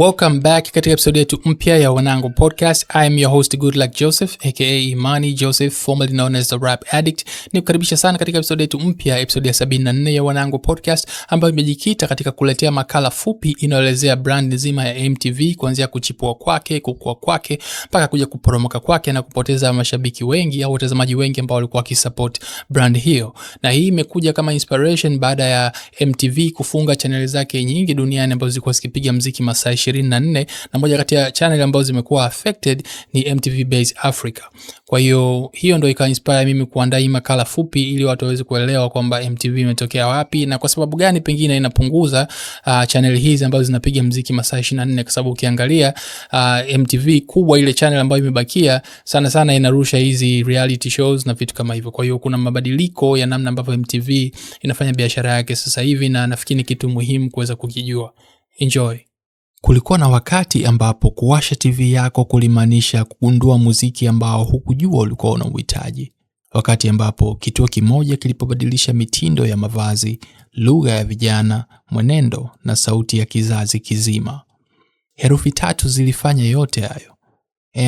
Welcome back katika episode yetu mpya ya Wanangu Podcast. I am your host luck Joseph aka Imani Joseph formerly known as the Rap Addict. kukaribisha sana katika episode yetu mpya, episode ya 74 ya Wanangu Podcast ambayo imejikita katika kuletea makala fupi inayoelezea brand nzima ya MTV kuanzia kuchipua kwake, kukua kwake mpaka kuja kuporomoka kwake na kupoteza mashabiki wengi au watazamaji wengi ambao walikuwa wakisupport brand hiyo. Na hii imekuja kama inspiration baada ya MTV kufunga chaneli zake nyingi duniani ambazo zilikuwa zikipiga mziki masaa 24 na moja kati ya channel ambazo zimekuwa affected ni MTV Base Africa. Kwa hiyo hiyo ndio ika inspire mimi kuandaa hii makala fupi, ili watu waweze kuelewa kwamba MTV imetokea wapi na kwa sababu gani pengine inapunguza uh, channel hizi ambazo zinapiga mziki masaa 24, kwa sababu ukiangalia uh, ah, MTV kubwa, ile channel ambayo imebakia sana sana inarusha hizi reality shows na vitu kama hivyo. Kwa hiyo kuna mabadiliko ya namna ambavyo MTV inafanya biashara yake sasa hivi, na nafikiri ni kitu muhimu kuweza kukijua. Enjoy. Kulikuwa na wakati ambapo kuwasha TV yako kulimaanisha kugundua muziki ambao hukujua ulikuwa unauhitaji, wakati ambapo kituo kimoja kilipobadilisha mitindo ya mavazi, lugha ya vijana, mwenendo na sauti ya kizazi kizima. Herufi tatu zilifanya yote hayo.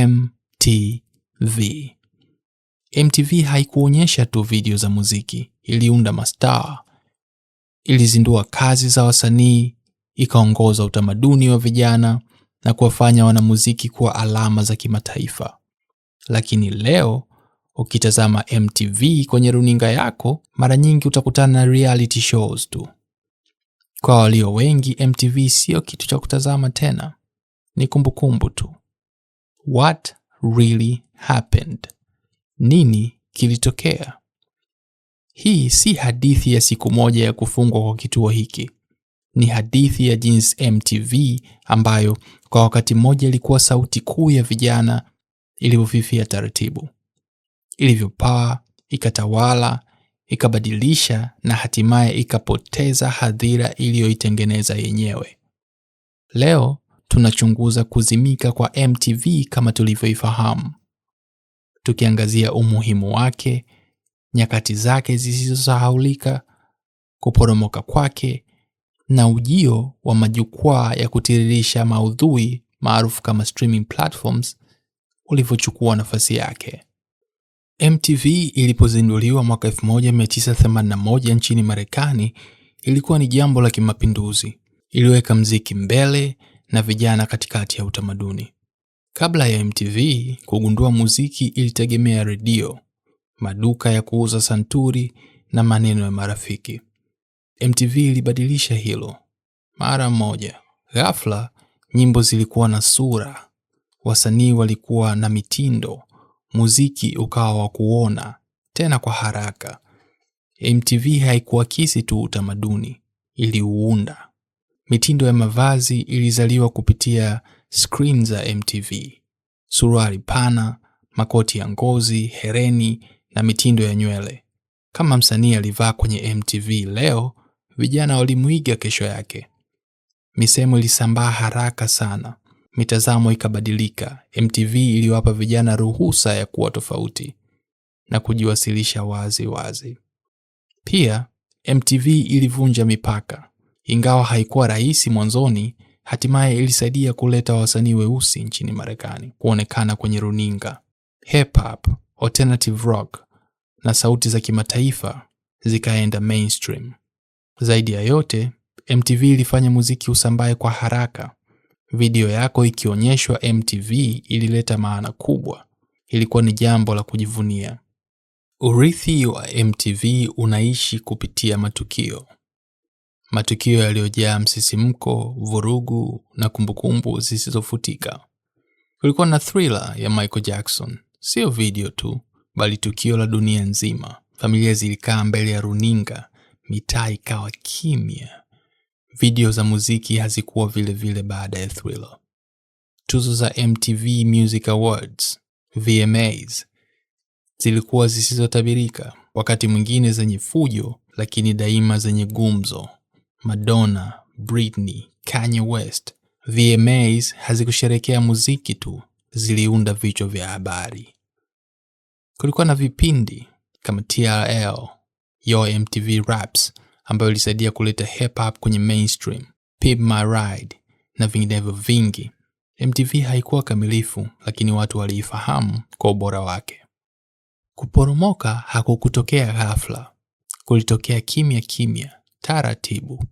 MTV. MTV haikuonyesha tu video za muziki, iliunda mastaa, ilizindua kazi za wasanii, ikaongoza utamaduni wa vijana na kuwafanya wanamuziki kuwa alama za kimataifa. Lakini leo ukitazama MTV kwenye runinga yako, mara nyingi utakutana na reality shows tu. Kwa walio wengi, MTV siyo kitu cha kutazama tena, ni kumbukumbu tu. What really happened? Nini kilitokea? Hii si hadithi ya siku moja ya kufungwa kwa kituo hiki ni hadithi ya Jeans MTV ambayo kwa wakati mmoja ilikuwa sauti kuu ya vijana ilivyofifia taratibu, ilivyopaa, ikatawala, ikabadilisha na hatimaye ikapoteza hadhira iliyoitengeneza yenyewe. Leo tunachunguza kuzimika kwa MTV kama tulivyoifahamu, tukiangazia umuhimu wake, nyakati zake zisizosahaulika, kuporomoka kwake na ujio wa majukwaa ya kutiririsha maudhui maarufu kama streaming platforms ulivyochukua nafasi yake. MTV ilipozinduliwa mwaka 1981 nchini Marekani, ilikuwa ni jambo la kimapinduzi. Iliweka mziki mbele na vijana katikati ya utamaduni. Kabla ya MTV kugundua muziki, ilitegemea redio, maduka ya kuuza santuri na maneno ya marafiki. MTV ilibadilisha hilo mara moja. Ghafla nyimbo zilikuwa na sura, wasanii walikuwa na mitindo, muziki ukawa wa kuona tena kwa haraka. MTV haikuakisi tu utamaduni, iliuunda. Mitindo ya mavazi ilizaliwa kupitia screen za MTV: suruali pana, makoti ya ngozi, hereni na mitindo ya nywele. Kama msanii alivaa kwenye MTV leo, Vijana walimwiga kesho yake. Misemo ilisambaa haraka sana, mitazamo ikabadilika. MTV iliwapa vijana ruhusa ya kuwa tofauti na kujiwasilisha wazi wazi. Pia MTV ilivunja mipaka. Ingawa haikuwa rahisi mwanzoni, hatimaye ilisaidia kuleta wasanii weusi nchini Marekani kuonekana kwenye runinga. Hip hop, alternative rock na sauti za kimataifa zikaenda mainstream. Zaidi ya yote, MTV ilifanya muziki usambae kwa haraka. Video yako ikionyeshwa MTV ilileta maana kubwa. Ilikuwa ni jambo la kujivunia. Urithi wa MTV unaishi kupitia matukio. Matukio yaliyojaa msisimko, vurugu na kumbukumbu zisizofutika. Kulikuwa na thriller ya Michael Jackson, sio video tu, bali tukio la dunia nzima. Familia zilikaa mbele ya runinga mitaa ikawa kimya. Video za muziki hazikuwa vile vile baada ya Thriller. Tuzo za MTV Music Awards, VMAs, zilikuwa zisizotabirika, wakati mwingine zenye fujo, lakini daima zenye gumzo. Madonna, Britney, Kanye West. VMAs hazikusherekea muziki tu, ziliunda vichwa vya habari. Kulikuwa na vipindi kama TRL Yo MTV Raps ambayo ilisaidia kuleta hip hop kwenye mainstream, Pimp My Ride na vinginevyo vingi. MTV haikuwa kamilifu, lakini watu waliifahamu kwa ubora wake. Kuporomoka hakukutokea ghafla, kulitokea kimya kimya, taratibu.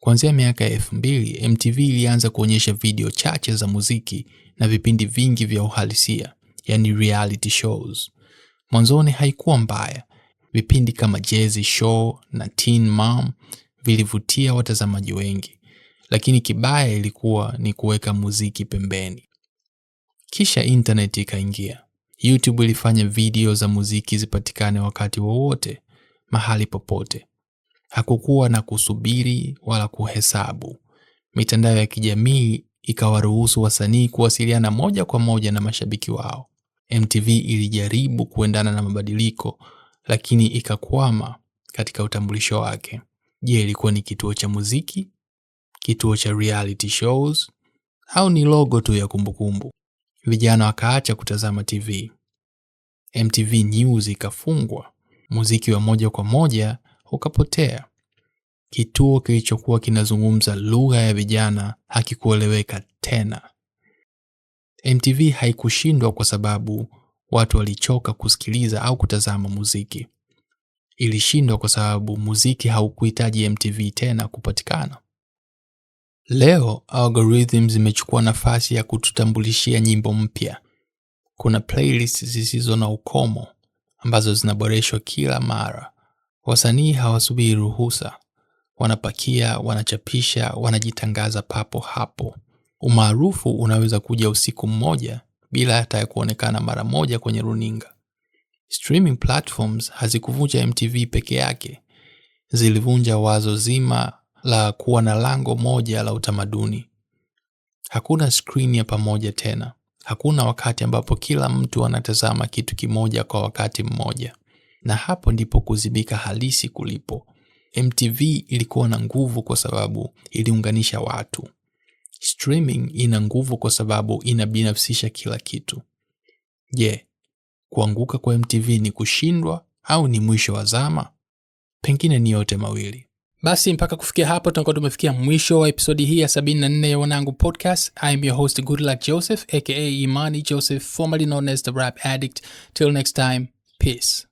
Kuanzia miaka ya elfu mbili MTV ilianza kuonyesha video chache za muziki na vipindi vingi vya uhalisia, yani reality shows. Mwanzoni haikuwa mbaya, Vipindi kama Jezi Show na Teen Mom vilivutia watazamaji wengi, lakini kibaya ilikuwa ni kuweka muziki pembeni. Kisha intaneti ikaingia. YouTube ilifanya video za muziki zipatikane wakati wowote, mahali popote. Hakukuwa na kusubiri wala kuhesabu. Mitandao ya kijamii ikawaruhusu wasanii kuwasiliana moja kwa moja na mashabiki wao. MTV ilijaribu kuendana na mabadiliko lakini ikakwama katika utambulisho wake. Je, ilikuwa ni kituo cha muziki, kituo cha reality shows au ni logo tu ya kumbukumbu? Vijana wakaacha kutazama TV. MTV News ikafungwa, muziki wa moja kwa moja ukapotea. Kituo kilichokuwa kinazungumza lugha ya vijana hakikueleweka tena. MTV haikushindwa kwa sababu watu walichoka kusikiliza au kutazama muziki. Ilishindwa kwa sababu muziki haukuhitaji MTV tena kupatikana. Leo algorithms zimechukua nafasi ya kututambulishia nyimbo mpya. Kuna playlist zisizo na ukomo ambazo zinaboreshwa kila mara. Wasanii hawasubiri ruhusa, wanapakia, wanachapisha, wanajitangaza papo hapo. Umaarufu unaweza kuja usiku mmoja, bila hata ya kuonekana mara moja kwenye runinga. Streaming platforms hazikuvunja MTV peke yake, zilivunja wazo zima la kuwa na lango moja la utamaduni. Hakuna skrini ya pamoja tena. Hakuna wakati ambapo kila mtu anatazama kitu kimoja kwa wakati mmoja, na hapo ndipo kuzibika halisi kulipo. MTV ilikuwa na nguvu kwa sababu iliunganisha watu streaming ina nguvu kwa sababu inabinafsisha kila kitu. Je, kuanguka kwa MTV ni kushindwa au ni mwisho wa zama? Pengine ni yote mawili. Basi mpaka kufikia hapo tunakuwa tumefikia mwisho wa episodi hii ya 74 ya Wanangu Podcast. I am your host Goodluck Joseph aka Imani Joseph, formerly known as the Rap Addict. Till next time, peace.